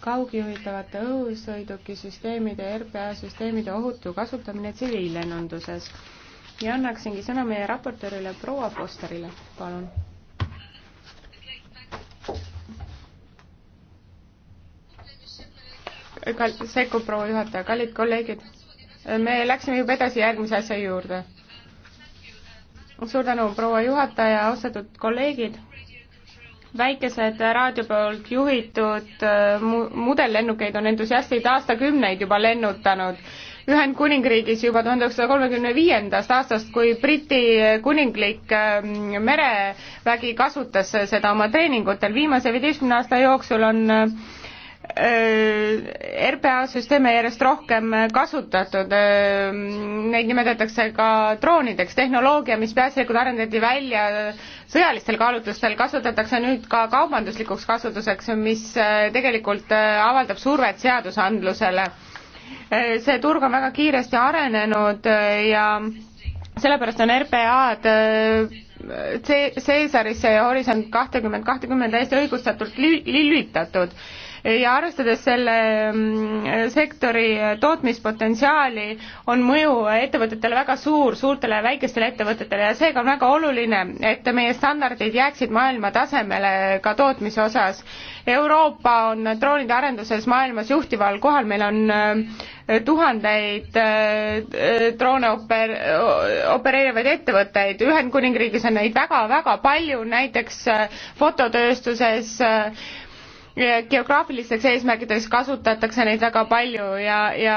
kaugjuhitavate õhusõidukisüsteemide ja RPA süsteemide ohutu kasutamine tsiviillennunduses. ja annaksingi sõna meie raportöörile proua Fosterile, palun. sekkub proua juhataja, kallid kolleegid, me läksime juba edasi järgmise asja juurde. suur tänu, proua juhataja, austatud kolleegid väikesed raadio poolt juhitud äh, mu-, mudellennukeid on entusiastid aastakümneid juba lennutanud. Ühendkuningriigis juba tuhande üheksasaja kolmekümne viiendast aastast, kui Briti kuninglik ähm, merevägi kasutas seda oma treeningutel, viimase viieteistkümne aasta jooksul on äh, Äh, RPA süsteeme järjest rohkem kasutatud, äh, neid nimetatakse ka droonideks, tehnoloogia, mis peaasjalikult arendati välja sõjalistel kaalutlustel, kasutatakse nüüd ka kaubanduslikuks kasutuseks, mis äh, tegelikult avaldab survet seadusandlusele. see turg on väga kiiresti arenenud ja sellepärast on RPA-d Caesarisse ja Horisont kahtekümmend kakskümmend täiesti õigustatult lülitatud ja arvestades selle mm, sektori tootmispotentsiaali, on mõju ettevõtetele väga suur, suurtele ja väikestele ettevõtetele ja seega on väga oluline, et meie standardid jääksid maailma tasemele ka tootmise osas. Euroopa on droonide arenduses maailmas juhtival kohal, meil on äh, tuhandeid äh, droone oper-, opereerivaid ettevõtteid, Ühendkuningriigis on neid väga-väga palju, näiteks äh, fototööstuses, geograafiliseks eesmärkideks kasutatakse neid väga palju ja, ja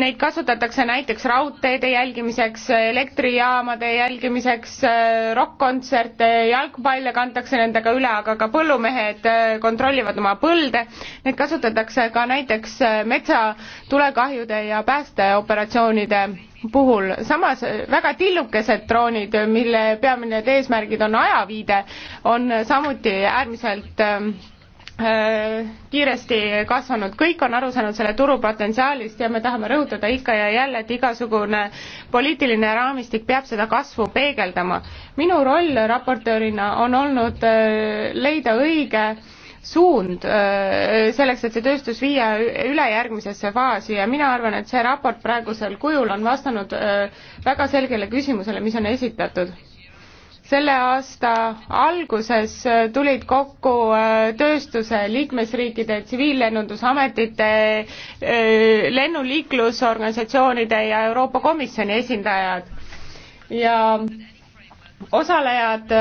neid kasutatakse näiteks raudteede jälgimiseks, elektrijaamade jälgimiseks, rokk-kontserte, jalgpalle kantakse nendega üle, aga ka põllumehed äh, kontrollivad oma põlde. Neid kasutatakse ka näiteks äh, metsatulekahjude ja päästeoperatsioonide puhul. samas äh, väga tillukesed droonid, mille peamine eesmärgid on ajaviide, on samuti äärmiselt kiiresti kasvanud, kõik on aru saanud selle turu potentsiaalist ja me tahame rõhutada ikka ja jälle, et igasugune poliitiline raamistik peab seda kasvu peegeldama. minu roll raportöörina on olnud äh, leida õige suund äh, selleks, et see tööstus viia üle järgmisesse faasi ja mina arvan, et see raport praegusel kujul on vastanud äh, väga selgele küsimusele, mis on esitatud selle aasta alguses äh, tulid kokku äh, tööstuse liikmesriikide tsiviillennundusametite, äh, lennuliiklusorganisatsioonide ja Euroopa Komisjoni esindajad ja osalejad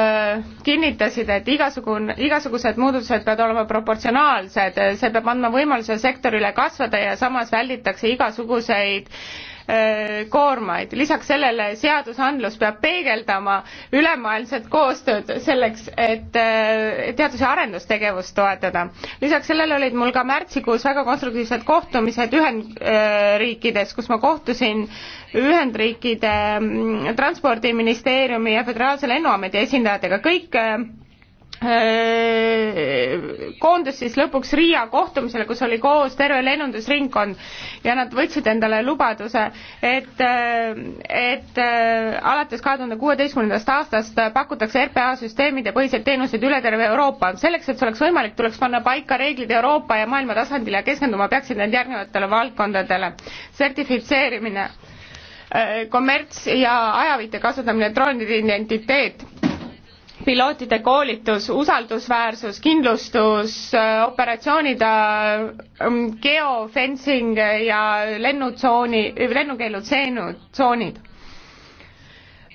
kinnitasid, et igasugune, igasugused muudatused peavad olema proportsionaalsed, see peab andma võimaluse sektorile kasvada ja samas välditakse igasuguseid äh, Äh, koormaid. lisaks sellele seadusandlus peab peegeldama ülemaailmset koostööd selleks, et äh, teadus- ja arendustegevust toetada. lisaks sellele olid mul ka märtsikuus väga konstruktiivsed kohtumised Ühendriikides, kus ma kohtusin Ühendriikide mm, transpordiministeeriumi ja Föderaalse Lennuameti esindajatega, kõik äh, Äh, koondus siis lõpuks Riia kohtumisele, kus oli koos terve lennundusringkond ja nad võtsid endale lubaduse, et, äh, et äh, alates kahe tuhande kuueteistkümnendast aastast pakutakse RPA süsteemide põhiseid teenuseid üle terve Euroopa. selleks, et see oleks võimalik, tuleks panna paika reeglid Euroopa ja maailma tasandil ja keskenduma peaksid need järgnevatele valdkondadele. sertifitseerimine, kommerts ja ajavõite kasutamine, droonide identiteet pilootide koolitus, usaldusväärsus, kindlustus, äh, operatsioonid, äh, mm, geofencing ja lennutsooni, lennukeelutsoonid.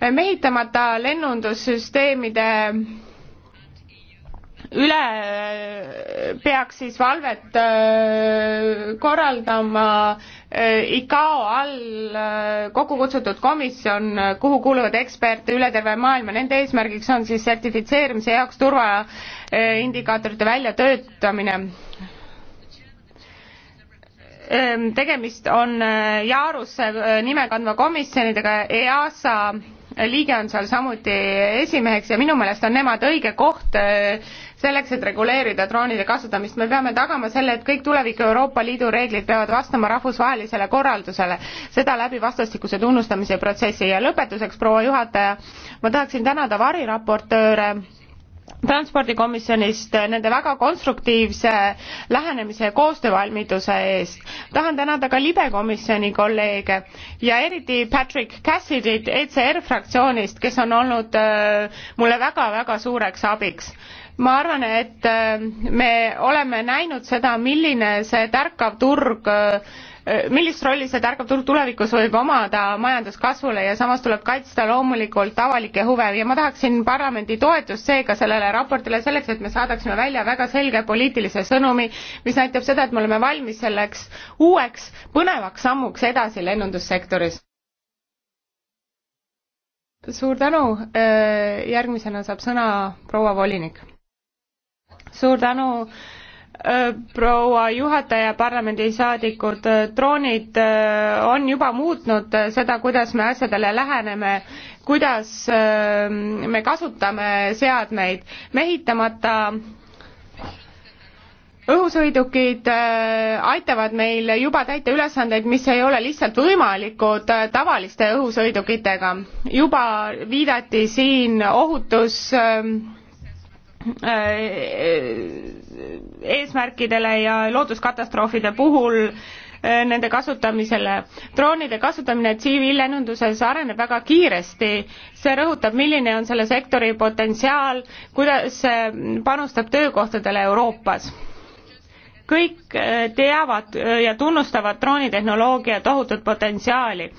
Äh, mehitamata lennundussüsteemide üle peaks siis valvet korraldama Äh, ICAO all äh, kokku kutsutud komisjon, äh, kuhu kuuluvad eksperte üle terve maailma, nende eesmärgiks on siis sertifitseerimise jaoks turvaindikaatorite väljatöötamine. Ähm, tegemist on Jaarusse nime kandva komisjonidega, EASA liige on seal samuti esimeheks ja minu meelest on nemad õige koht selleks, et reguleerida droonide kasutamist, me peame tagama selle, et kõik tuleviku Euroopa Liidu reeglid peavad vastama rahvusvahelisele korraldusele, seda läbi vastastikuse tunnustamise protsessi ja lõpetuseks, proua juhataja, ma tahaksin tänada variraportööre transpordikomisjonist nende väga konstruktiivse lähenemise ja koostöövalmiduse eest. tahan tänada ka libe komisjoni kolleege ja eriti Patrick Cassidyt ECR fraktsioonist, kes on olnud äh, mulle väga-väga suureks abiks ma arvan, et äh, me oleme näinud seda, milline see tärkav turg äh, millist rolli see tärkav turg tulevikus võib omada majanduskasvule ja samas tuleb kaitsta loomulikult avalikke huve ja ma tahaksin parlamendi toetust seega sellele raportile selleks, et me saadaksime välja väga selge poliitilise sõnumi, mis näitab seda, et me oleme valmis selleks uueks põnevaks sammuks edasi lennundussektoris. suur tänu, äh, järgmisena saab sõna proua volinik suur tänu äh, proua juhataja, parlamendisaadikud, äh, droonid äh, on juba muutnud seda, kuidas me asjadele läheneme, kuidas me kasutame seadmeid. mehitamata õhusõidukid aitavad meil juba täita ülesandeid, mis ei ole lihtsalt võimalikud tavaliste õhusõidukitega. juba viidati siin ohutus äh, Äh, äh, eesmärkidele ja looduskatastroofide puhul äh, nende kasutamisele. droonide kasutamine tsiviillennunduses areneb väga kiiresti, see rõhutab, milline on selle sektori potentsiaal, kuidas see panustab töökohtadele Euroopas kõik äh, teavad äh, ja tunnustavad droonitehnoloogia tohutut potentsiaali,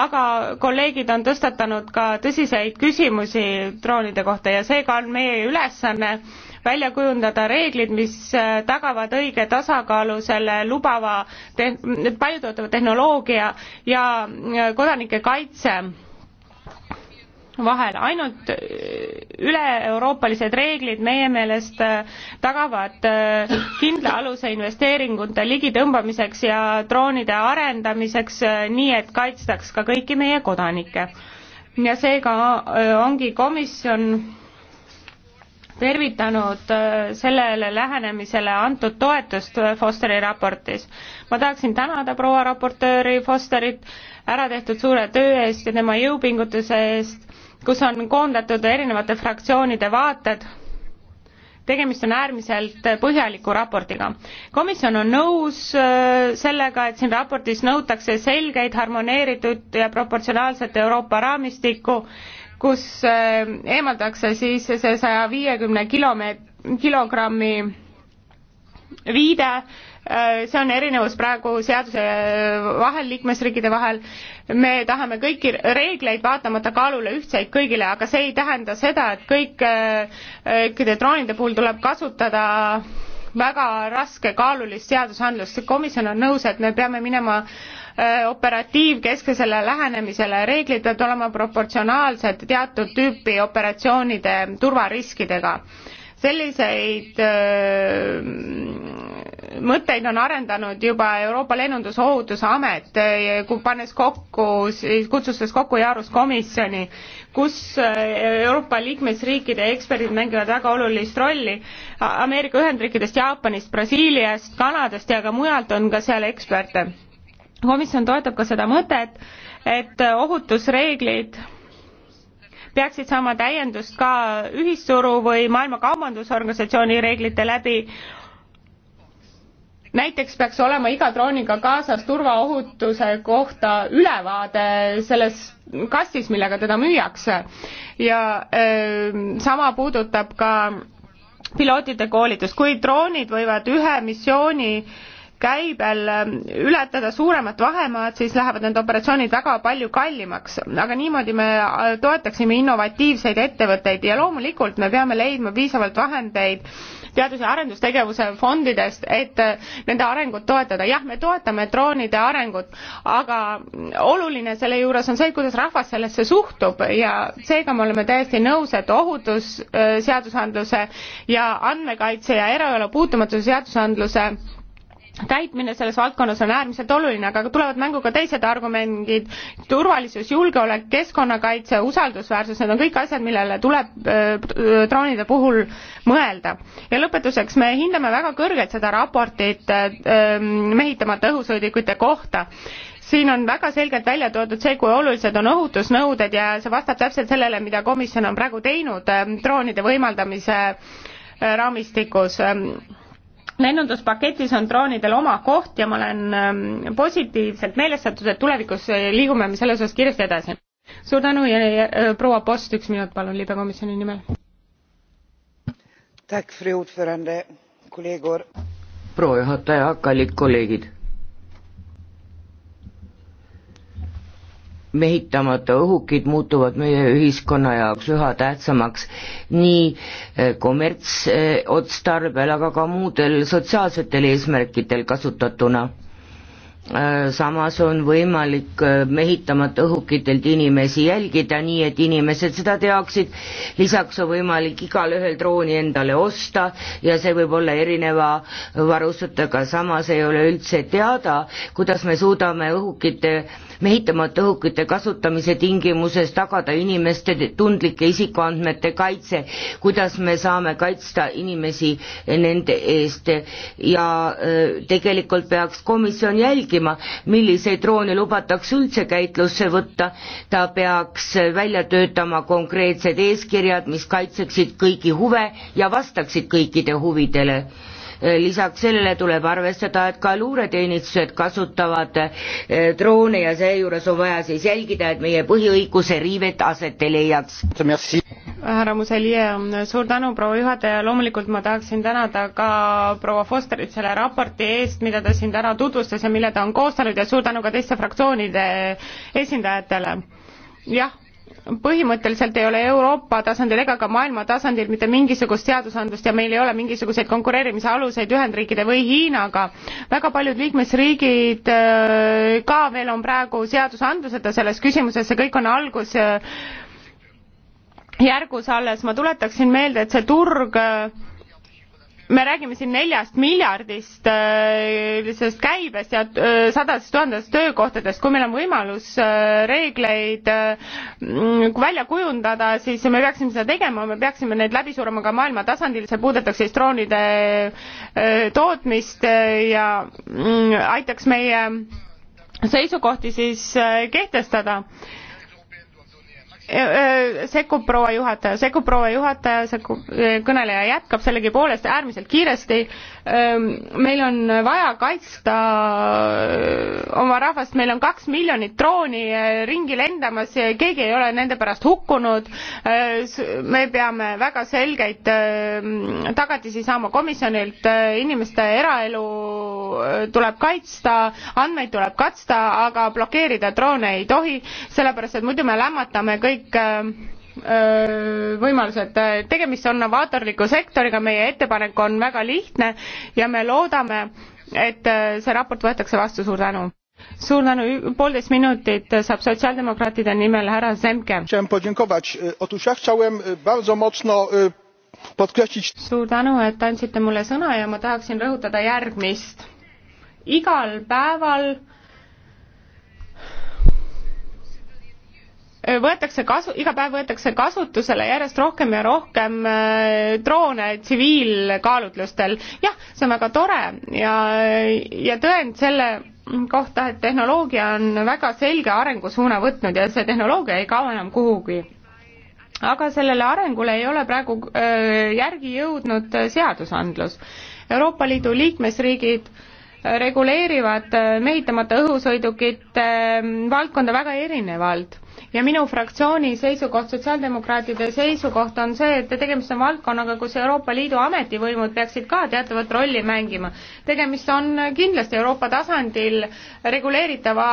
aga kolleegid on tõstatanud ka tõsiseid küsimusi droonide kohta ja seega on meie ülesanne välja kujundada reeglid, mis äh, tagavad õige tasakaalu selle lubava te-, paljutõotava tehnoloogia ja kodanike kaitse vahel. ainult äh, üle-euroopalised reeglid meie meelest äh, tagavad äh, kindla aluse investeeringute ligitõmbamiseks ja droonide arendamiseks, nii et kaitstaks ka kõiki meie kodanikke. ja seega ongi komisjon tervitanud sellele lähenemisele antud toetust Fosteri raportis. ma tahaksin tänada proua raportööri Fosterit ära tehtud suure töö eest ja tema jõupingutuse eest, kus on koondatud erinevate fraktsioonide vaated. tegemist on äärmiselt põhjaliku raportiga. komisjon on nõus äh, sellega, et siin raportis nõutakse selgeid, harmoneeritud ja proportsionaalset Euroopa raamistikku, kus äh, eemaldatakse siis see saja viiekümne kilomeet-, kilogrammi viide Äh, see on erinevus praegu seaduse äh, vahel, liikmesriikide vahel. me tahame kõiki reegleid vaatamata kaalule ühtseid kõigile, aga see ei tähenda seda, et kõik, äh, kõikide droonide puhul tuleb kasutada väga raske kaalulist seadusandlust. komisjon on nõus, et me peame minema operatiivkeskesele lähenemisele, reeglid peavad olema proportsionaalsed teatud tüüpi operatsioonide turvariskidega selliseid mõtteid on arendanud juba Euroopa Lennundusohutuse Amet, pannes kokku, kutsustas kokku jaaruskomisjoni, kus eh, Euroopa liikmesriikide eksperdid mängivad väga olulist rolli. Ameerika Ühendriikidest, Jaapanist, Brasiiliast, Kanadast ja ka mujalt on ka seal eksperte. komisjon toetab ka seda mõtet, et ohutusreeglid peaksid saama täiendust ka ühisturu või Maailma Kaubandusorganisatsiooni reeglite läbi näiteks peaks olema iga drooniga kaasas turvaohutuse kohta ülevaade selles kastis, millega teda müüakse. ja öö, ähm, sama puudutab ka pilootide koolitust, kui droonid võivad ühe missiooni käibel ähm, ületada suuremat vahemaad, siis lähevad need operatsioonid väga palju kallimaks, aga niimoodi me äh, toetaksime innovatiivseid ettevõtteid ja loomulikult me peame leidma piisavalt vahendeid teadus- ja arendustegevuse fondidest, et äh, nende arengut toetada. jah, me toetame droonide arengut, aga oluline selle juures on see, kuidas rahvas sellesse suhtub ja seega me oleme täiesti nõus, et ohutusseadusandluse äh, ja andmekaitse ja eraelu puutumatuse seadusandluse täitmine selles valdkonnas on äärmiselt oluline, aga tulevad mängu ka teised argumendid, turvalisus, julgeolek, keskkonnakaitse, usaldusväärsus, need on kõik asjad, millele tuleb öö, droonide puhul mõelda. ja lõpetuseks, me hindame väga kõrgelt seda raportit öö, mehitamata õhusõidikute kohta siin on väga selgelt välja toodud see, kui olulised on ohutusnõuded ja see vastab täpselt sellele, mida komisjon on praegu teinud droonide võimaldamise raamistikus öö, lennunduspaketis on droonidel oma koht ja ma olen ähm, positiivselt meelestatud, et tulevikus äh, liigume me selles osas kiiresti edasi. suur tänu ja, ja äh, proua Post, üks minut palun libekomisjoni nimel. proua juhataja, kallid kolleegid mehitamata õhukid muutuvad meie ühiskonna jaoks üha tähtsamaks nii eh, kommertsotstarbel, aga ka muudel sotsiaalsetel eesmärkidel kasutatuna. Eh, samas on võimalik eh, mehitamata õhukitelt inimesi jälgida, nii et inimesed seda teaksid, lisaks on võimalik igalühel drooni endale osta ja see võib olla erineva varustusega, samas ei ole üldse teada, kuidas me suudame õhukite mehitamata õhukite kasutamise tingimuses tagada inimeste tundlike isikuandmete kaitse, kuidas me saame kaitsta inimesi nende eest ja äh, tegelikult peaks komisjon jälgima, milliseid droone lubatakse üldse käitlusse võtta, ta peaks välja töötama konkreetsed eeskirjad, mis kaitseksid kõigi huve ja vastaksid kõikide huvidele lisaks sellele tuleb arvestada, et ka luureteenistused kasutavad eh, droone ja seejuures on vaja siis jälgida, et meie põhiõiguse riivet aset ei leiaks. härra Muselje, suur tänu, proua juhataja, loomulikult ma tahaksin tänada ka proua Fosterit selle raporti eest, mida ta siin täna tutvustas ja mille ta on koostanud ja suur tänu ka teiste fraktsioonide esindajatele jah, põhimõtteliselt ei ole Euroopa tasandil ega ka maailma tasandil mitte mingisugust seadusandlust ja meil ei ole mingisuguseid konkureerimise aluseid Ühendriikide või Hiinaga. väga paljud liikmesriigid äh, ka veel on praegu seadusandluseta selles küsimuses, see kõik on algus äh, järgus alles, ma tuletaksin meelde, et see turg äh, me räägime siin neljast miljardist äh, sellest käibest ja äh, sadadest tuhandest töökohtadest, kui meil on võimalus äh, reegleid mm, välja kujundada, siis me peaksime seda tegema, me peaksime neid läbi suruma ka maailma tasandil, see puudutaks siis droonide tootmist ja mm, aitaks meie seisukohti siis kehtestada Äh, äh, sekkub proua juhataja, sekkub proua juhataja, sekkub, äh, kõneleja jätkab sellegipoolest äärmiselt kiiresti. Ähm, meil on vaja kaitsta oma rahvast, meil on kaks miljonit drooni ringi lendamas, keegi ei ole nende pärast hukkunud. me peame väga selgeid ähm, tagatisi saama komisjonilt, inimeste eraelu tuleb kaitsta, andmeid tuleb katsta, aga blokeerida droone ei tohi, sellepärast et muidu me lämmatame kõik kõik äh, äh, võimalused. tegemist on novaatorliku sektoriga, meie ettepanek on väga lihtne ja me loodame, et äh, see raport võetakse vastu, suur tänu. suur tänu, poolteist minutit saab sotsiaaldemokraatide nimel härra Zemke. E, e, suur tänu, et andsite mulle sõna ja ma tahaksin rõhutada järgmist. igal päeval võetakse kasu, iga päev võetakse kasutusele järjest rohkem ja rohkem äh, droone tsiviilkaalutlustel. jah, see on väga tore ja, ja tõend selle kohta, et tehnoloogia on väga selge arengusuuna võtnud ja see tehnoloogia ei kao enam kuhugi aga sellele arengule ei ole praegu äh, järgi jõudnud äh, seadusandlus. Euroopa Liidu liikmesriigid äh, reguleerivad äh, mehitamata õhusõidukite äh, valdkonda väga erinevalt ja minu fraktsiooni seisukoht, sotsiaaldemokraatide seisukoht on see, et tegemist on valdkonnaga, kus Euroopa Liidu ametivõimud peaksid ka teatavat rolli mängima. tegemist on kindlasti Euroopa tasandil reguleeritava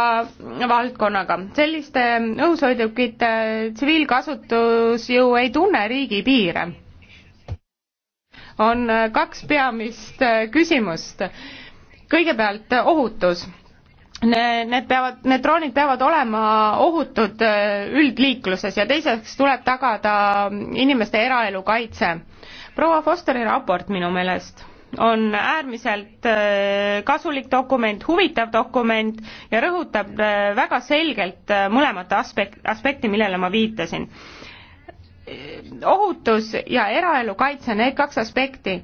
valdkonnaga. selliste õhusõidukite tsiviilkasutus ju ei tunne riigipiire on kaks peamist äh, küsimust kõigepealt eh, ohutus need peavad, need droonid peavad olema ohutud eh, üldliikluses ja teiseks tuleb tagada inimeste eraelu kaitse. proua Fosteri raport minu meelest on äärmiselt eh, kasulik dokument, huvitav dokument ja rõhutab väga selgelt mõlemat aspekt, aspekti, millele ma viitasin. ohutus ja eraelu kaitse, need kaks aspekti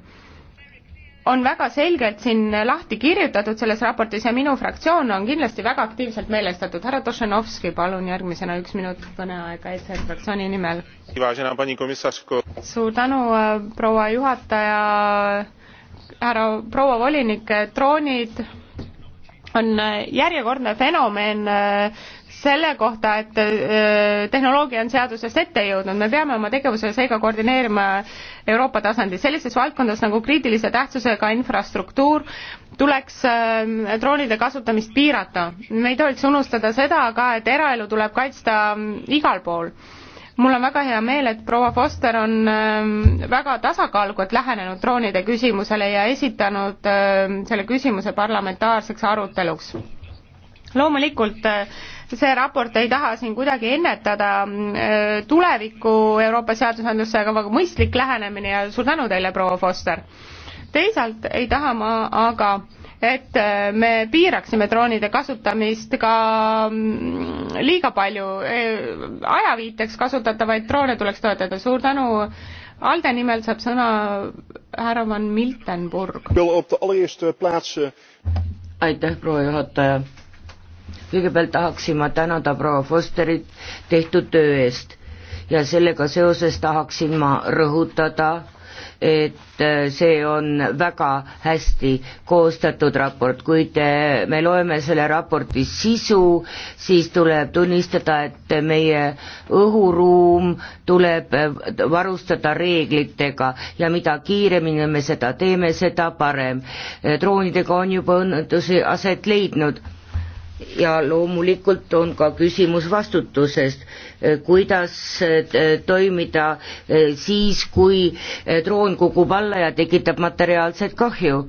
on väga selgelt siin lahti kirjutatud selles raportis ja minu fraktsioon on kindlasti väga aktiivselt meelestatud. härra Tošenovski, palun järgmisena üks minut kõneaega ECR fraktsiooni nimel. suur tänu, äh, proua juhataja, härra proua volinik, droonid äh, on äh, järjekordne fenomen selle kohta, et äh, tehnoloogia on seadusest ette jõudnud, me peame oma tegevuse seega koordineerima Euroopa tasandil. sellises valdkondas nagu kriitilise tähtsusega infrastruktuur tuleks äh, droonide kasutamist piirata. me ei tohiks unustada seda ka, et eraelu tuleb kaitsta mm, igal pool mul on väga hea meel, et proua Foster on äh, väga tasakaalukalt lähenenud droonide küsimusele ja esitanud selle küsimuse parlamentaarseks aruteluks. loomulikult äh, see raport ei taha siin kuidagi ennetada äh, tulevikku Euroopa seadusandlusse, aga väga mõistlik lähenemine ja suur tänu teile, proua Foster. teisalt ei taha ma aga, et äh, me piiraksime droonide kasutamist ka mm, liiga palju, äh, ajaviiteks kasutatavaid droone tuleks toetada, suur tänu ALDE nimel saab sõna härra Van Miltenburg. Eh, aitäh, proua juhataja kõigepealt tahaksin ma tänada proua Fosterit tehtud töö eest ja sellega seoses tahaksin ma rõhutada, et äh, see on väga hästi koostatud raport, kui te, me loeme selle raporti sisu, siis tuleb tunnistada, et meie õhuruum tuleb äh, varustada reeglitega ja mida kiiremini me seda teeme, seda parem. Äh, droonidega on juba õnnetusi aset leidnud ja loomulikult on ka küsimus vastutusest, eh, kuidas eh, toimida eh, siis, kui droon kukub alla ja tekitab materiaalset kahju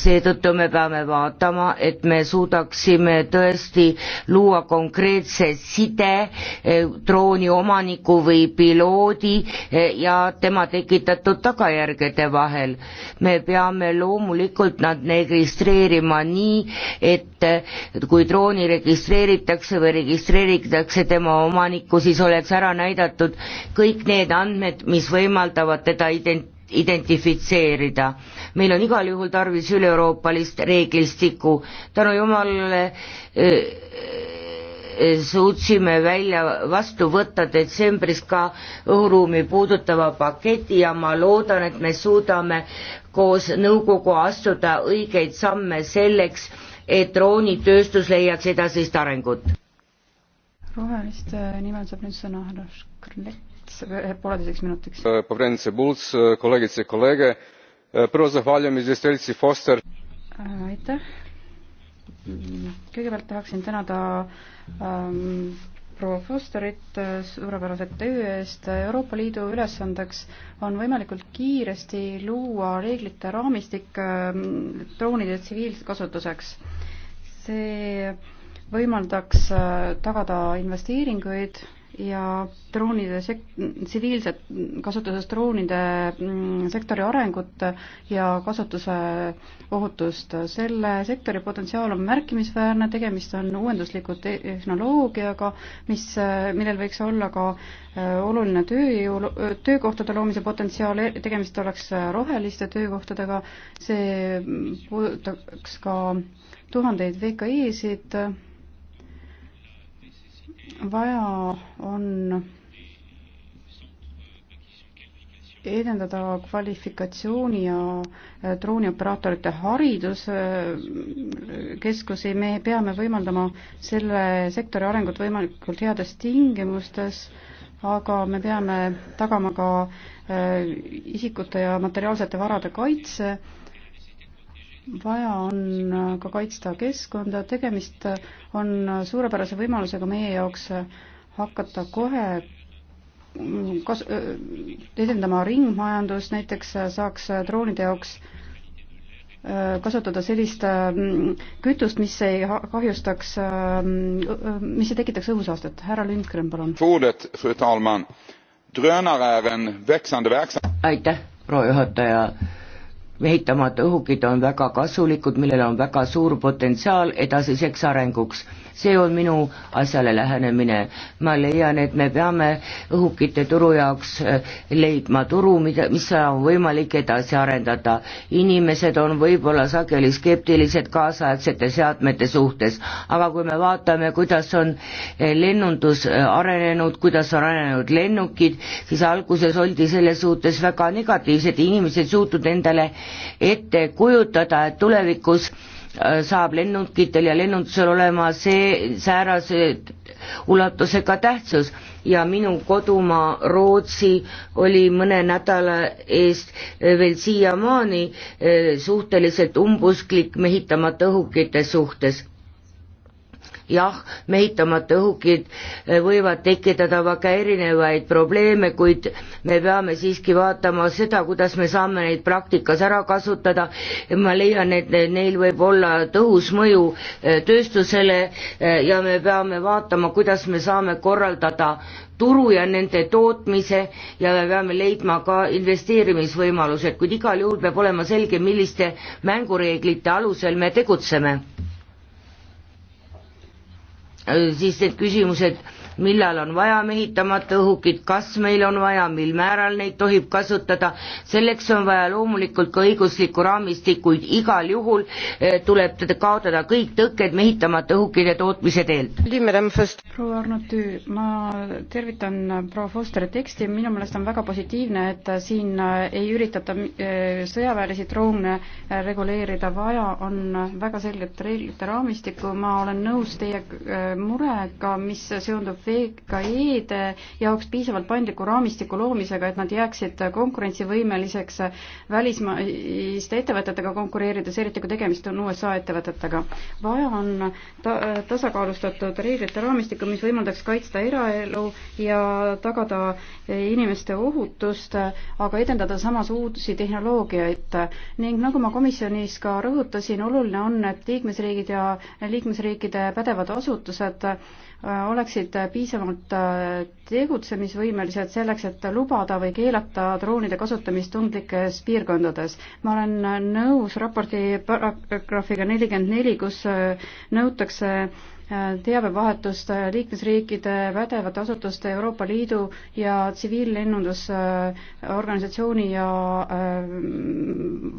seetõttu me peame vaatama, et me suudaksime tõesti luua konkreetse side eh, drooni omaniku või piloodi eh, ja tema tekitatud tagajärgede vahel. me peame loomulikult nad registreerima nii, et eh, kui drooni registreeritakse või registreeritakse tema omanikku, siis oleks ära näidatud kõik need andmed, mis võimaldavad teda ident-, identifitseerida. meil on igal juhul tarvis üleeuroopalist reeglistikku, tänu jumalale suutsime välja vastu võtta detsembris ka õhuruumi puudutava paketi ja ma loodan, et me suudame koos nõukoguga astuda õigeid samme selleks, et droonitööstus leiaks edasist arengut. roheliste äh, nimel saab nüüd sõna härra Škrlek minutiks, pooleteiseks minutiks. Eh, povjerenice Bulc, eh, kolegice ja kolege, eh, prvo zahvaljujem izvjestiteljici Foster. aitäh. kõigepealt tahaksin tänada ähm, proua Fosterit äh, suurepärase töö eest. Euroopa Liidu ülesandeks on võimalikult kiiresti luua reeglite raamistik ähm, droonide tsiviilkasutuseks. see võimaldaks äh, tagada investeeringuid ja droonide sek-, tsiviilset, kasutuses droonide mm, sektori arengut ja kasutuse ohutust. selle sektori potentsiaal on märkimisväärne, tegemist on uuendusliku tehnoloogiaga, mis, millel võiks olla ka äh, oluline tööjõu, töökohtade loomise potentsiaal, e-, tegemist oleks roheliste töökohtadega, see puudutaks ka tuhandeid VKI-sid, vaja on edendada kvalifikatsiooni ja droonioperaatorite äh, hariduskeskusi, me peame võimaldama selle sektori arengut võimalikult heades tingimustes, aga me peame tagama ka äh, isikute ja materiaalsete varade kaitse vaja on äh, ka kaitsta keskkonda, tegemist äh, on äh, suurepärase võimalusega meie jaoks hakata kohe mm, kas-, edendama ringmajandust, näiteks saaks droonide jaoks kasutada sellist mm, kütust, mis ei kahjustaks, mm, mis ei tekitaks õhusaastet. härra Lindgren, palun. aitäh, proua juhataja mehitamata õhukid on väga kasulikud, millel on väga suur potentsiaal edasiseks arenguks. see on minu asjale lähenemine. ma leian, et me peame õhukite turu jaoks eh, leidma turu, mida, mis on võimalik edasi arendada. inimesed on võib-olla sageli skeptilised kaasaegsete seadmete suhtes, aga kui me vaatame, kuidas on eh, lennundus eh, arenenud, kuidas on arenenud lennukid, siis alguses oldi selles suhtes väga negatiivsed, inimesed ei suutnud endale ette kujutada, et tulevikus äh, saab lennukitel ja lennundusel olema see säärase ulatusega tähtsus ja minu kodumaa Rootsi oli mõne nädala eest äh, veel siiamaani äh, suhteliselt umbusklik mehitamata õhukite suhtes jah, mehitamata õhukid eh, võivad tekitada väga erinevaid probleeme, kuid me peame siiski vaatama seda, kuidas me saame neid praktikas ära kasutada ja ma leian, et neil võib olla tõhus mõju eh, tööstusele eh, ja me peame vaatama, kuidas me saame korraldada turu ja nende tootmise ja me peame leidma ka investeerimisvõimalused, kuid igal juhul peab olema selge, milliste mängureeglite alusel me tegutseme. Äh, siis need küsimused millal on vaja mehitamata õhukit, kas meil on vaja, mil määral neid tohib kasutada, selleks on vaja loomulikult ka õiguslikku raamistikku, kuid igal juhul eh, tuleb kaotada kõik tõkked mehitamata õhukite tootmise teelt. proua Arnatüü, ma tervitan proua Fosteri teksti, minu meelest on väga positiivne, et siin eh, ei üritata eh, sõjaväelisi droone reguleerida, vaja on väga selget reeglite raamistikku, ma olen nõus teie murega, mis seondub VKE-de jaoks piisavalt paindliku raamistiku loomisega, et nad jääksid konkurentsivõimeliseks välismaiste ettevõtetega konkureerides, eriti kui tegemist on USA ettevõtetega. vaja on ta-, tasakaalustatud reeglite raamistikku, mis võimaldaks kaitsta eraelu ja tagada inimeste ohutust, aga edendada samas uusi tehnoloogiaid. ning nagu ma komisjonis ka rõhutasin, oluline on, et liikmesriigid ja liikmesriikide pädevad asutused Äh, oleksid äh, piisavalt äh, tegutsemisvõimelised selleks, et lubada või keelata droonide kasutamist tundlikes piirkondades. ma olen nõus raporti paragrahviga nelikümmend neli, kus nõutakse teabevahetust äh, liikmesriikide pädevate asutuste Euroopa Liidu ja tsiviillennundusorganisatsiooni ja äh,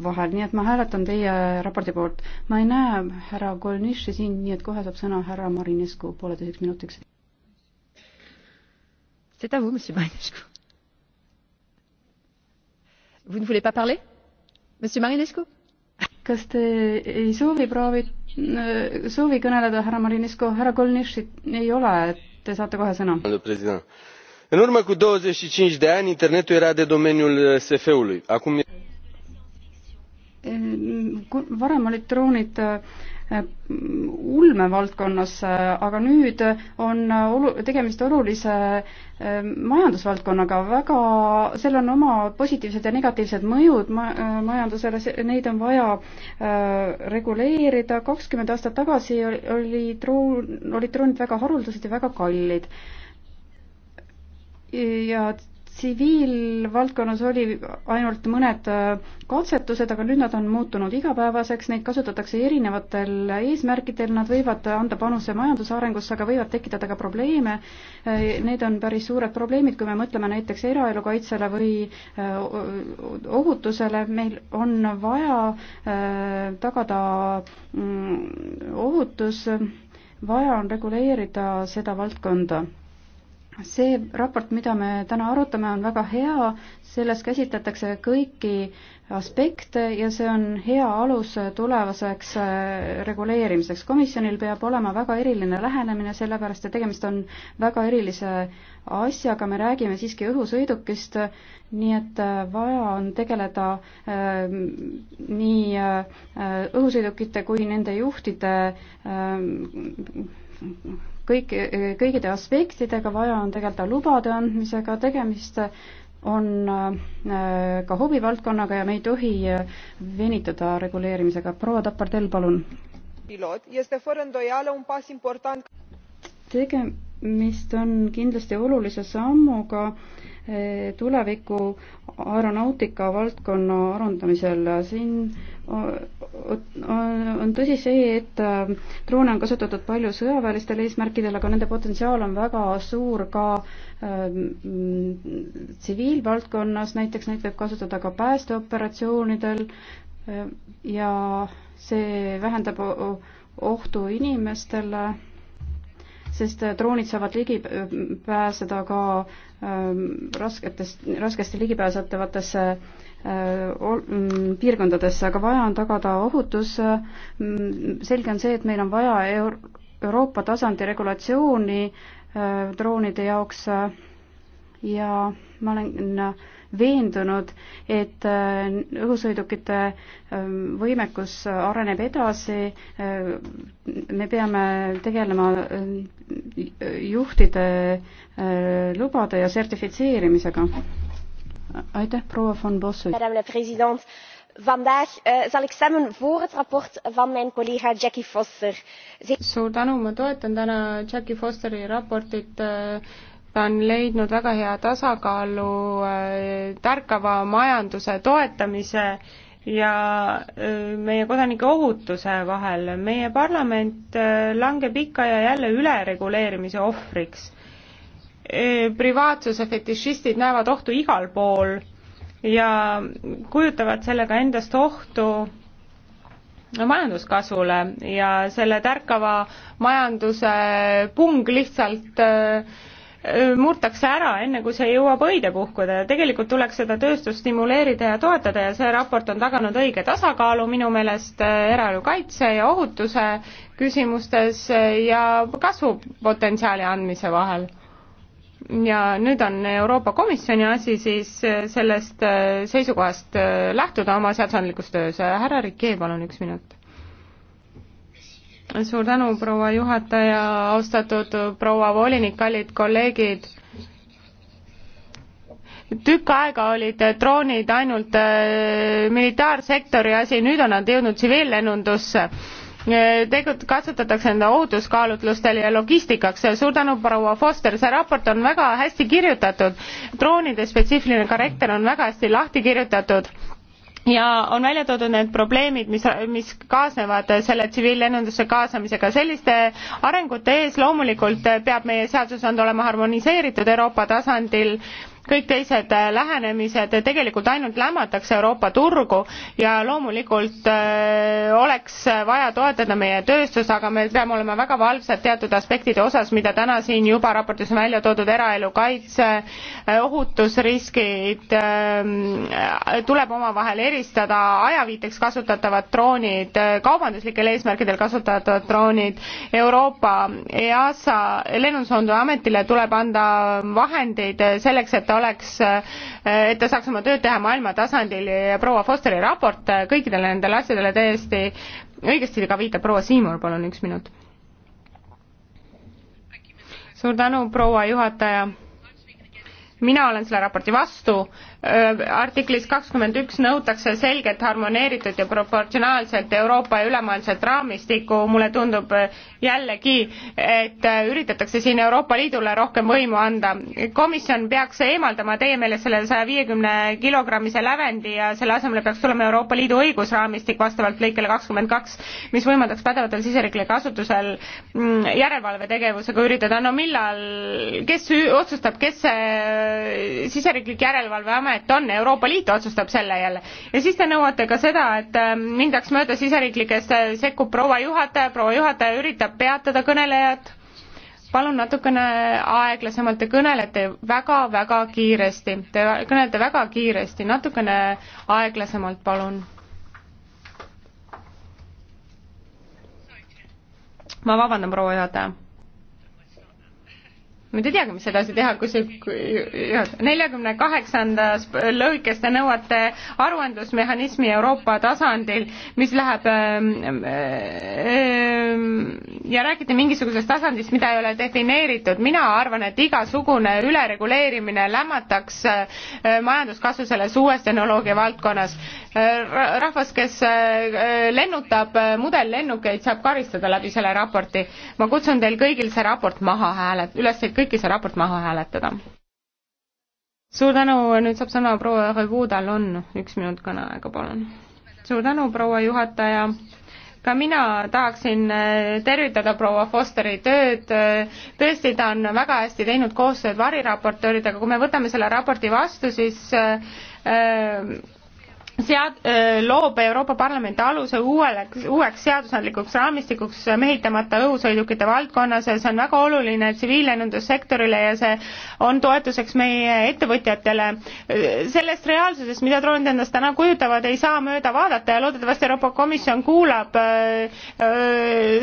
vahel, nii et ma hääletan teie raporti poolt. ma ei näe härra Golniši siin, nii et kohe saab sõna härra Marinescu pooleteiseks minutiks. C'est à vous, monsieur Marinescu. Vous ne voulez pas parler, monsieur Marinescu? kas te ei soovi proovi-? Äh, soovi kõneleda, härra Marinisko, härra Kolnišit ei ole, te saate kohe sõna. În urmă cu 25 de ani, internetul era de domeniul äh, SF-ului. Acum e- äh, varem olid droonid Äh, ulmevaldkonnas, äh, aga nüüd on olu-, tegemist olulise äh, majandusvaldkonnaga, väga, seal on oma positiivsed ja negatiivsed mõjud ma-, majandusele, neid on vaja äh, reguleerida, kakskümmend aastat tagasi oli droon, olid droonid väga haruldased ja väga kallid. ja tsiviilvaldkonnas oli ainult mõned äh, katsetused, aga nüüd nad on muutunud igapäevaseks, neid kasutatakse erinevatel eesmärkidel, nad võivad anda panuse majanduse arengusse, aga võivad tekitada ka probleeme. Äh, need on päris suured probleemid, kui me mõtleme näiteks eraelu kaitsele või äh, ohutusele, meil on vaja tagada mm, ohutus, vaja on reguleerida seda valdkonda see raport, mida me täna arutame, on väga hea, selles käsitletakse kõiki aspekte ja see on hea alus tulevaseks äh, reguleerimiseks. komisjonil peab olema väga eriline lähenemine, sellepärast et tegemist on väga erilise asjaga, me räägime siiski õhusõidukist, nii et äh, vaja on tegeleda äh, nii äh, õhusõidukite kui nende juhtide äh, kõik, kõikide aspektidega, vaja on tegeleda lubade andmisega, tegemist on äh, ka hobivaldkonnaga ja me ei tohi äh, venitada reguleerimisega. proua Tappar-Tell, palun. tegemist on kindlasti olulise sammuga äh, tuleviku aeronautika valdkonna arendamisel. siin on tõsi see, et äh, droone on kasutatud palju sõjaväelistel eesmärkidel, aga nende potentsiaal on väga suur ka ähm, tsiviilvaldkonnas, näiteks neid võib kasutada ka päästeoperatsioonidel äh, ja see vähendab ohtu inimestele, sest äh, droonid saavad ligi pääseda ka Ähm, rasketest, raskesti ligipääsetavatesse äh, mm, piirkondadesse, aga vaja on tagada ohutus. Äh, mm, selge on see, et meil on vaja Euro Euroopa tasandi regulatsiooni äh, droonide jaoks ja ma olen veendunud, et äh, õhusõidukite ähm, võimekus areneb edasi, äh, me peame tegelema äh, juhtide lubade ja sertifitseerimisega. aitäh, proua von Bossu. Vandaag uh, zal ik stemmen voor het rapport van mijn collega Jackie Foster. Ze... Suur tänu, ma toetan täna Jackie Fosteri raportit uh, ta on leidnud väga hea tasakaalu äh, tärkava majanduse toetamise ja äh, meie kodanike ohutuse vahel. meie parlament äh, langeb ikka ja jälle ülereguleerimise ohvriks. privaatsuse fetišistid näevad ohtu igal pool ja kujutavad sellega endast ohtu majanduskasvule ja selle tärkava majanduse pung lihtsalt äh, murtakse ära, enne kui see jõuab õide puhkuda ja tegelikult tuleks seda tööstust stimuleerida ja toetada ja see raport on taganud õige tasakaalu minu meelest eh, eraelu kaitse ja ohutuse küsimustes eh, ja kasvupotentsiaali andmise vahel. ja nüüd on Euroopa Komisjoni asi siis eh, sellest seisukohast lähtuda oma seadusandlikus töös. härra Rikke, palun üks minut suur tänu, proua juhataja, austatud proua volinik, kallid kolleegid. tükk aega olid droonid ainult äh, militaarsektori asi, nüüd on nad jõudnud tsiviillennundusse äh, tegelikult kasutatakse nende ohutuskaalutlustel ja logistikaks. suur tänu, proua Foster, see raport on väga hästi kirjutatud, droonide spetsiifiline karakter on väga hästi lahti kirjutatud ja on välja toodud need probleemid, mis, mis kaasnevad selle tsiviillennunduse kaasamisega. selliste arengute ees loomulikult peab meie seadusand olema harmoniseeritud Euroopa tasandil kõik teised äh, lähenemised tegelikult ainult lämmatakse Euroopa turgu ja loomulikult äh, oleks vaja toetada meie tööstust, aga me peame olema väga valvsad teatud aspektide osas, mida täna siin juba raportis on välja toodud, eraelu kaitse, äh, ohutusriskid, tuleb omavahel eristada ajaviiteks kasutatavad droonid, kaubanduslikel eesmärkidel kasutatavad droonid, Euroopa EASA lennundusandmeametile tuleb anda vahendeid selleks, et ta oleks, äh, et ta saaks oma tööd teha maailma tasandil ja proua Fosteri raport äh, kõikidele nendele asjadele täiesti õigesti ka viitab, proua Siimur, palun üks minut. suur tänu, proua juhataja. mina olen selle raporti vastu Äh, artiklis kakskümmend üks nõutakse selget, harmoneeritud ja proportsionaalset Euroopa ja ülemaailmset raamistikku, mulle tundub äh, jällegi, et äh, üritatakse siin Euroopa Liidule rohkem võimu anda. komisjon peaks eemaldama teie meelest selle saja viiekümne kilogrammise lävendi ja selle asemele peaks tulema Euroopa Liidu õigusraamistik vastavalt lõikele kakskümmend kaks, mis võimaldaks pädevatel siseriiklikel asutusel mm, järelevalvetegevusega üritada, no millal, kes otsustab, kes see siseriiklik järelevalveamet amet on, Euroopa Liit otsustab selle jälle. ja siis te nõuate ka seda, et ähm, mindaks mööda siseriiklikest, äh, sekkub proua juhataja, proua juhataja üritab peatada kõnelejat. palun natukene aeglasemalt, te kõnelete väga-väga kiiresti, te kõnelete väga kiiresti, natukene aeglasemalt, palun. ma vabandan, proua juhataja nüüd ei teagi, mis edasi teha, kui see neljakümne kaheksandas lõikes te nõuate aruandlusmehhanismi Euroopa tasandil, mis läheb ähm, ähm, ja räägite mingisugusest tasandist, mida ei ole defineeritud. mina arvan, et igasugune ülereguleerimine lämmataks äh, majanduskasvu selles uues tehnoloogia valdkonnas. rahvas, kes äh, lennutab äh, mudellennukeid, saab karistada läbi selle raporti. ma kutsun teil kõigil see raport maha hääletada, üles kõik kõiki see raport maha hääletada. suur tänu, nüüd saab sõna proua Revudal, on üks minut kõneaega, palun. suur tänu, proua juhataja ka mina tahaksin äh, tervitada proua Fosteri tööd, tõesti, ta on väga hästi teinud koostööd variraportööridega, kui me võtame selle raporti vastu, siis äh, sead-, loob Euroopa Parlamendi aluse uuele, uueks seadusandlikuks raamistikuks mehitamata õhusõidukite valdkonnas ja see on väga oluline tsiviillennundussektorile ja see on toetuseks meie ettevõtjatele. sellest reaalsusest, mida droonid endast täna kujutavad, ei saa mööda vaadata ja loodetavasti Euroopa Komisjon kuulab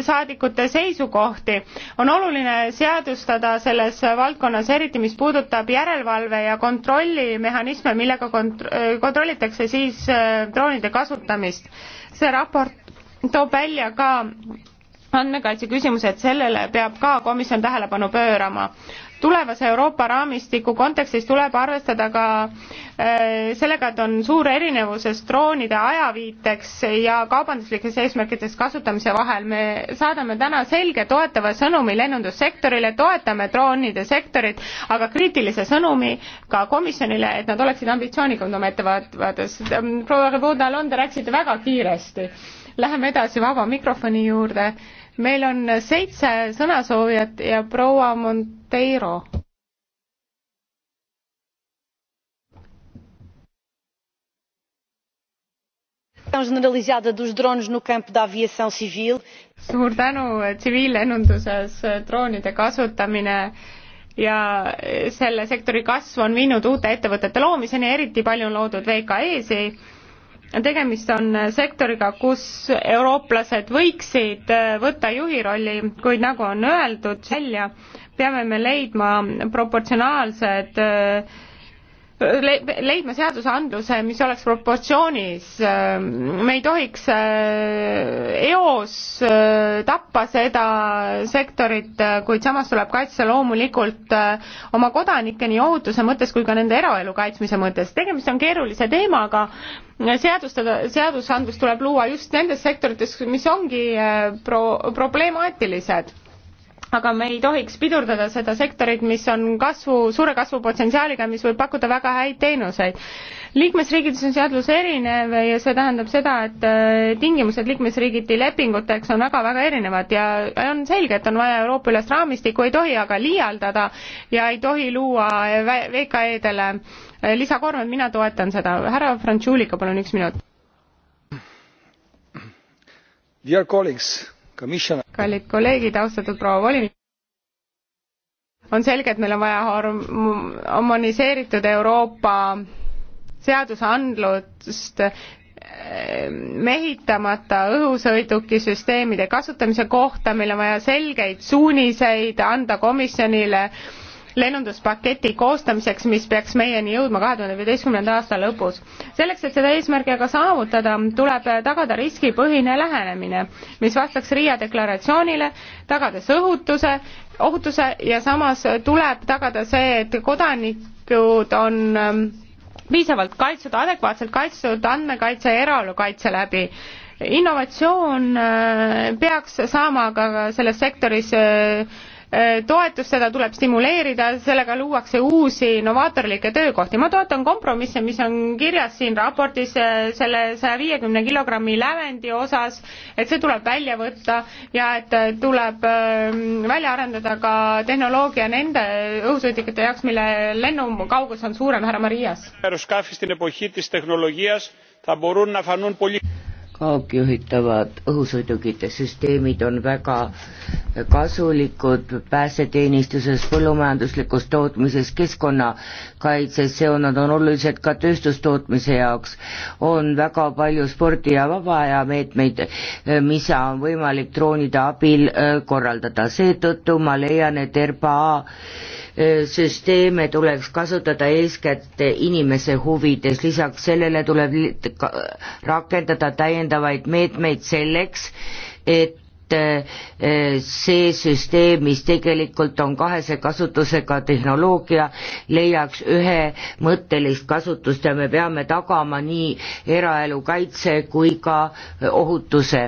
saadikute seisukohti. on oluline seadustada selles valdkonnas, eriti mis puudutab järelevalve ja kontrollimehhanisme, millega kont-, kontrollitakse siis siis äh, droonide kasutamist. see raport toob välja ka andmekaitse küsimused, sellele peab ka komisjon tähelepanu pöörama tulevase Euroopa raamistiku kontekstis tuleb arvestada ka äh, sellega, et on suur erinevuses droonide ajaviiteks ja kaubanduslikes eesmärkides kasutamise vahel. me saadame täna selge toetava sõnumi lennundussektorile, toetame droonide sektorit, aga kriitilise sõnumi ka komisjonile, et nad oleksid ambitsioonikamad oma ettevaates. proua Revodalon, te rääkisite väga kiiresti. Läheme edasi vaba mikrofoni juurde meil on seitse sõnasoovijat ja proua Monteiro. generalizada dos drones no campo da aviação civil. suur tänu, tsiviillennunduses droonide kasutamine ja selle sektori kasv on viinud uute ettevõtete loomiseni, eriti palju on loodud VKE-si tegemist on sektoriga, kus eurooplased võiksid võtta juhi rolli, kuid nagu on öeldud välja, peame me leidma proportsionaalsed leidma seadusandluse, mis oleks proportsioonis. Ähm, me ei tohiks äh, eos äh, tappa seda sektorit, äh, kuid samas tuleb kaitsta loomulikult oma kodanikke nii ohutuse mõttes kui ka nende eraelu kaitsmise mõttes. tegemist on keerulise teemaga, seadustada, seadusandlus tuleb luua just nendes sektorites, mis ongi pro-, problemaatilised aga me ei tohiks pidurdada seda sektorit, mis on kasvu, suure kasvupotentsiaaliga, mis võib pakkuda väga häid teenuseid. liikmesriigides on seadus erinev ja see tähendab seda, et äh, tingimused liikmesriigiti lepinguteks on väga-väga erinevad ja on selge, et on vaja Euroopa ülest raamistikku, ei tohi aga liialdada ja ei tohi luua VKE-dele äh, lisakoormat, mina toetan seda. härra Frantsuulika, palun üks minut. Dear colleagues kallid kolleegid, austatud proua volinik, on selge, et meil on vaja harmoniseeritud Euroopa seadusandlust ehm, mehitamata õhusõidukisüsteemide kasutamise kohta, meil on vaja selgeid suuniseid anda komisjonile äh, lennunduspaketi koostamiseks, mis peaks meieni jõudma kahe tuhande viieteistkümnenda aasta lõpus. selleks, et seda eesmärki aga saavutada, tuleb tagada riskipõhine lähenemine, mis vastaks Riia deklaratsioonile, tagades õhutuse, ohutuse ja samas tuleb tagada see, et kodanikud on ähm, piisavalt kaitstud, adekvaatselt kaitstud andmekaitse ja eraelu kaitse läbi innovatsioon äh, peaks saama ka selles sektoris äh, Äh, toetust, seda tuleb stimuleerida, sellega luuakse uusi novaatorlikke töökohti. ma toetan kompromisse, mis on kirjas siin raportis äh, selle saja viiekümne kilogrammi lävendi osas, et see tuleb välja võtta ja et äh, tuleb ähm, välja arendada ka tehnoloogia nende õhusõidukite jaoks, mille lennukaugus on suurem, härra Marias kaugjuhitavad õhusõidukite süsteemid on väga kasulikud päästeteenistuses, põllumajanduslikus tootmises, keskkonnakaitses, see on, nad on olulised ka tööstustootmise jaoks. on väga palju spordi- ja vaba aja meetmeid, eh, mida on võimalik droonide abil eh, korraldada, seetõttu ma leian, et RPA Äh, süsteeme tuleks kasutada eeskätt inimese huvides, lisaks sellele tuleb rakendada täiendavaid meetmeid selleks, et et eh, see süsteem, mis tegelikult on kahese kasutusega tehnoloogia, leiaks ühemõttelist kasutust ja me peame tagama nii eraelu kaitse kui ka ohutuse.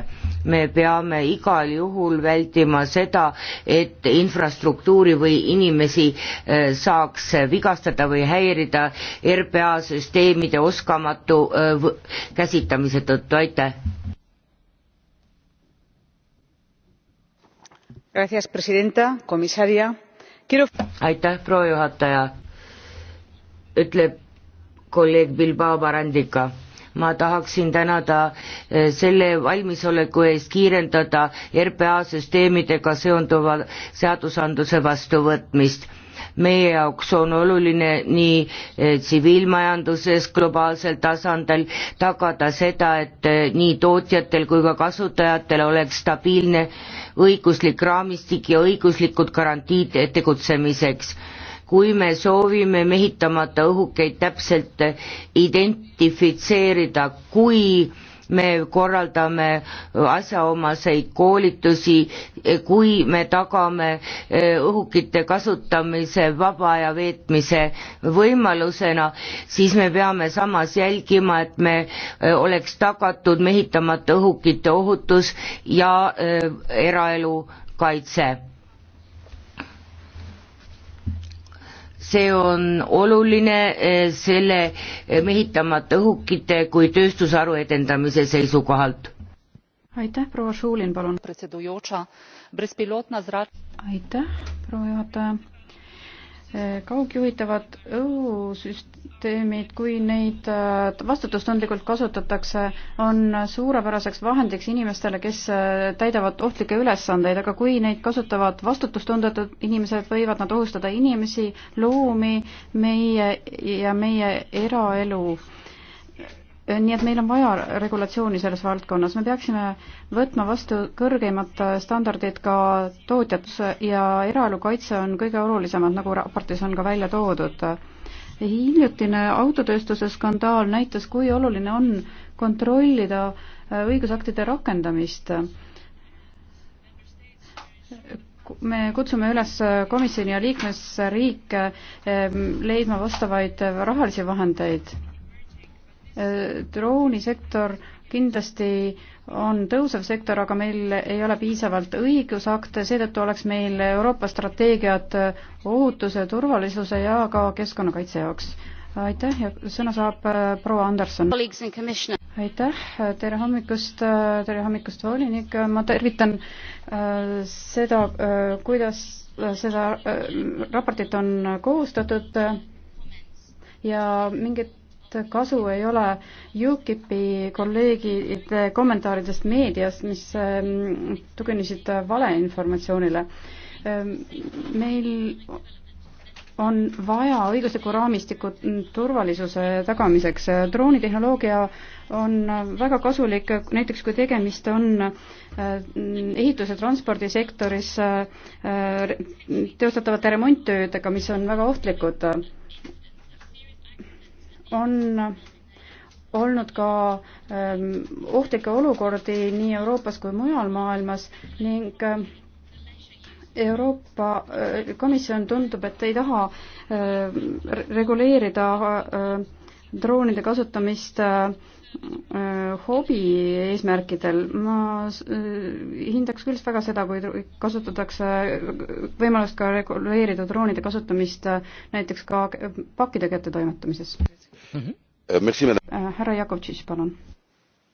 me peame igal juhul vältima seda, et infrastruktuuri või inimesi eh, saaks vigastada või häirida RPA süsteemide oskamatu eh, käsitlemise tõttu, aitäh! aitäh, proua juhataja, ütleb kolleeg Bilbao Barandika ma tahaksin tänada eh, selle valmisoleku eest kiirendada RPA süsteemidega seonduva seadusandluse vastuvõtmist meie jaoks on oluline nii eh, tsiviilmajanduses globaalsel tasandil tagada seda, et eh, nii tootjatel kui ka kasutajatel oleks stabiilne õiguslik raamistik ja õiguslikud garantiid tegutsemiseks kui me soovime mehitamata õhukeid täpselt eh, identifitseerida kui me korraldame asjaomaseid koolitusi, kui me tagame e, õhukite kasutamise vaba aja veetmise võimalusena, siis me peame samas jälgima, et me e, oleks tagatud mehitamata õhukite ohutus ja e, eraelu kaitse see on oluline eh, selle eh, mehitamata õhukite kui tööstusharu edendamise seisukohalt. aitäh, proua Šulin, palun. aitäh, proua juhataja kaugjuhitavad õhusüsteemid, kui neid äh, vastutustundlikult kasutatakse, on suurepäraseks vahendiks inimestele, kes äh, täidavad ohtlikke ülesandeid, aga kui neid kasutavad vastutustundetud inimesed, võivad nad ohustada inimesi, loomi, meie ja meie eraelu nii et meil on vaja regulatsiooni selles valdkonnas, me peaksime võtma vastu kõrgeimad standardid ka tootjatuse ja eraelu kaitse on kõige olulisemad, nagu raportis on ka välja toodud. hiljutine autotööstuse skandaal näitas, kui oluline on kontrollida õigusaktide rakendamist. me kutsume üles komisjoni ja liikmesriike leidma vastavaid rahalisi vahendeid droonisektor kindlasti on tõusev sektor, aga meil ei ole piisavalt õigusakte, seetõttu oleks meil Euroopa strateegiad ohutuse, turvalisuse ja ka keskkonnakaitse jaoks. aitäh ja sõna saab äh, proua Anderson. aitäh, tere hommikust, äh, tere hommikust, volinik, ma tervitan äh, seda, kuidas seda raportit on koostatud ja mingit suurt kasu ei ole UKIP-i kolleegide kommentaaridest meedias, mis ähm, tuginesid valeinformatsioonile. Ähm, meil on vaja õiguslikku raamistikku turvalisuse tagamiseks. droonitehnoloogia on väga kasulik, näiteks kui tegemist on äh, ehitus- ja transpordisektoris äh, teostatavate remonttöödega, mis on väga ohtlikud on olnud ka ähm, ohtlikke olukordi nii Euroopas kui mujal maailmas ning äh, Euroopa äh, Komisjon tundub, et ei taha äh, reguleerida droonide kasutamist hobi eesmärkidel. ma hindaks küll väga seda, kui kasutatakse võimalust ka reguleerida droonide kasutamist näiteks ka pakkide kättetoimetamises. Mhm. Eh, eh, härra jakovtšitš palun!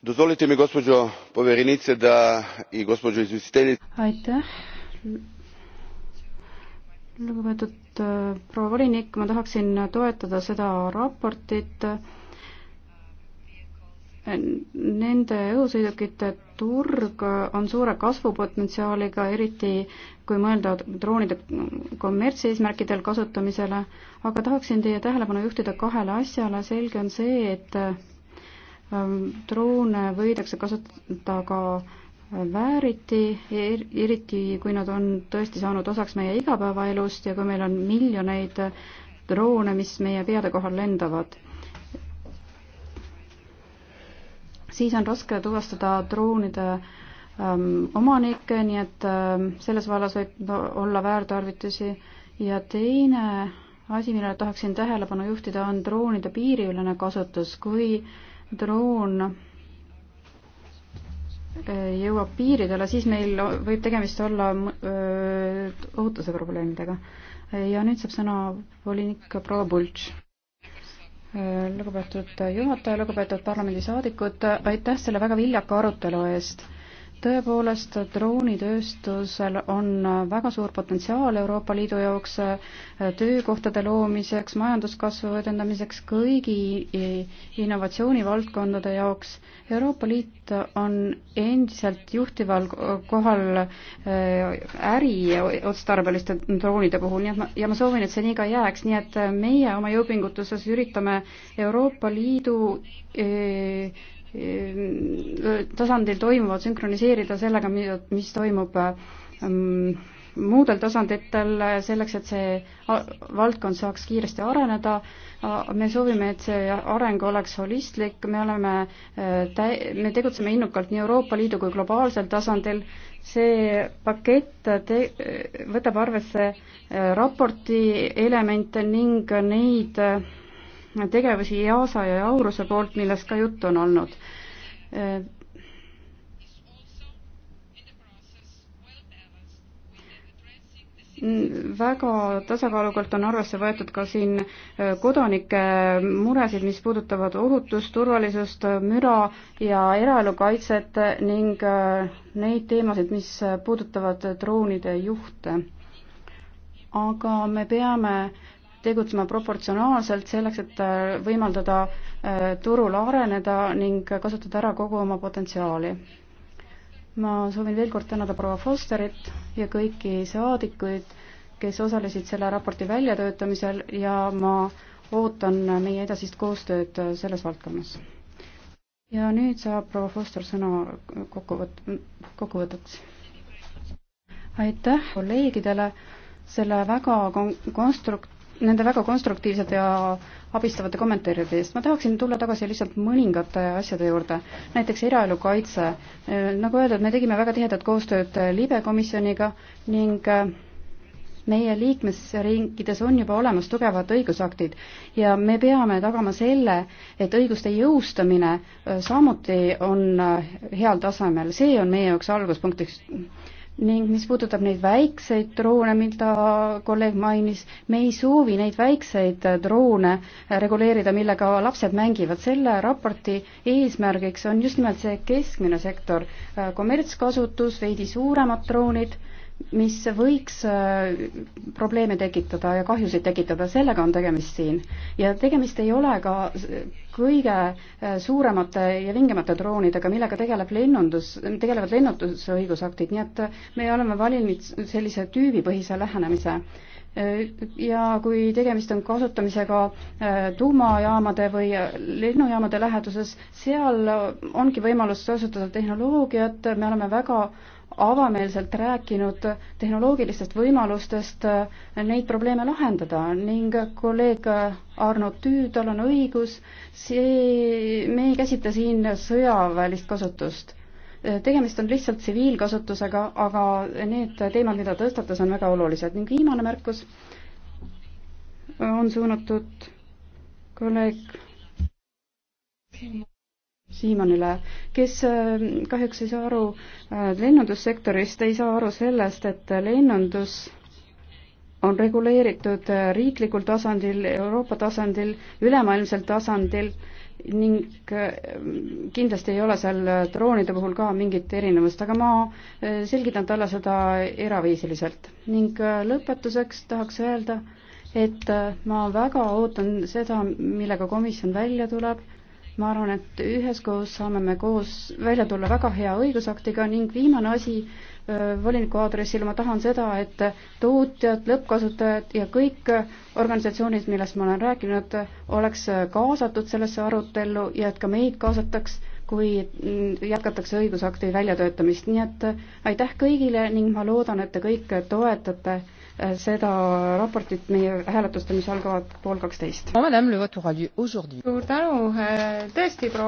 dozvolite mi gospođo povjerenice da i gospođo izvjestiteljice. aitäh lugupeetud eh, proua volinik ma tahaksin toetada seda raportit Nende õhusõidukite turg on suure kasvupotentsiaaliga, eriti kui mõelda droonide kommertseesmärkidel kasutamisele, aga tahaksin teie tähelepanu juhtida kahele asjale, selge on see, et ähm, droone võidakse kasutada ka äh, vääriti, er-, eriti kui nad on tõesti saanud osaks meie igapäevaelust ja kui meil on miljoneid droone, mis meie peade kohal lendavad siis on raske tuvastada droonide ähm, omanikke, nii et ähm, selles vallas võib olla väärtarvitusi ja teine asi, millele tahaksin tähelepanu juhtida, on droonide piiriülene kasutus. kui droon äh, jõuab piiridele, siis meil võib tegemist olla äh, ohutuse probleemidega. ja nüüd saab sõna volinik proua Bultš lugupeetud juhataja, lugupeetud parlamendisaadikud, aitäh selle väga viljaka arutelu eest tõepoolest, droonitööstusel on väga suur potentsiaal Euroopa Liidu jaoks töökohtade loomiseks, majanduskasvu edendamiseks, kõigi innovatsioonivaldkondade jaoks. Euroopa Liit on endiselt juhtival kohal äh, äriotstarbeliste droonide puhul, nii et ma, ja ma soovin, et see nii ka jääks, nii et meie oma jõupingutuses üritame Euroopa Liidu äh, Ehm, tasandil toimuvat sünkroniseerida sellega, mis toimub ehm, muudel tasanditel, selleks et see valdkond saaks kiiresti areneda. me soovime, et see areng oleks holistlik, me oleme, ehm, me tegutseme innukalt nii Euroopa Liidu kui globaalsel tasandil. see pakett te, võtab arvesse raporti elemente ning neid tegevusi EASA ja Auruse poolt, millest ka juttu on olnud. väga tasakaalukalt on arvesse võetud ka siin kodanike muresid, mis puudutavad ohutust, turvalisust, müra ja eraelu kaitset ning neid teemasid, mis puudutavad droonide juhte aga me peame tegutsema proportsionaalselt selleks, et äh, võimaldada äh, turul areneda ning kasutada ära kogu oma potentsiaali. ma soovin veel kord tänada proua Fosterit ja kõiki saadikuid, kes osalesid selle raporti väljatöötamisel ja ma ootan meie edasist koostööd äh, selles valdkonnas. ja nüüd saab proua Foster sõna kokkuvõt-, kokkuvõtteks. aitäh kolleegidele selle väga kon-, konstrukt-, nende väga konstruktiivsete ja abistavate kommentaaride eest. ma tahaksin tulla tagasi lihtsalt mõningate asjade juurde, näiteks eraelu kaitse. nagu öeldud, me tegime väga tihedat koostööd Liibe komisjoniga ning äh, meie liikmesriikides on juba olemas tugevad õigusaktid ja me peame tagama selle, et õiguste jõustamine äh, samuti on äh, heal tasemel, see on meie jaoks alguspunktiks ning mis puudutab neid väikseid droone, mida kolleeg mainis, me ei soovi neid väikseid droone reguleerida, millega lapsed mängivad. selle raporti eesmärgiks on just nimelt see keskmine sektor, kommertskasutus, veidi suuremad droonid mis võiks äh, probleeme tekitada ja kahjusid tekitada, sellega on tegemist siin. ja tegemist ei ole ka kõige äh, suuremate ja vingemate droonidega, millega tegeleb lennundus, tegelevad lennundusõigusaktid, nii et me oleme valinud sellise tüübipõhise lähenemise äh, ja kui tegemist on kasutamisega tuumajaamade või lennujaamade läheduses, seal ongi võimalus kasutada tehnoloogiat, me oleme väga avameelselt rääkinud tehnoloogilistest võimalustest äh, neid probleeme lahendada ning kolleeg Arno Tüü, tal on õigus, see, me ei käsitle siin sõjaväelist kasutust. Äh, tegemist on lihtsalt tsiviilkasutusega, aga need teemad, mida tõstatas, on väga olulised ning viimane märkus on suunatud kolleeg Siimonile, kes äh, kahjuks ei saa aru äh, lennundussektorist, ei saa aru sellest, et lennundus on reguleeritud äh, riiklikul tasandil, Euroopa tasandil, ülemaailmsel tasandil ning kindlasti ei ole seal droonide puhul ka mingit erinevust, aga ma selgitan talle seda eraviisiliselt. ning lõpetuseks tahaks öelda, et ma väga ootan seda, millega komisjon välja tuleb ma arvan, et üheskoos saame me koos välja tulla väga hea õigusaktiga ning viimane asi voliniku aadressil, ma tahan seda, et tootjad, lõppkasutajad ja kõik organisatsioonid, millest ma olen rääkinud, oleks kaasatud sellesse arutellu ja et ka meid kaasataks, kui mm, jätkatakse õigusakti väljatöötamist, nii et aitäh kõigile ning ma loodan, et te kõik toetate Äh, seda raportit meie hääletuste, mis algavad pool kaksteist. suur tänu, äh, tõesti proua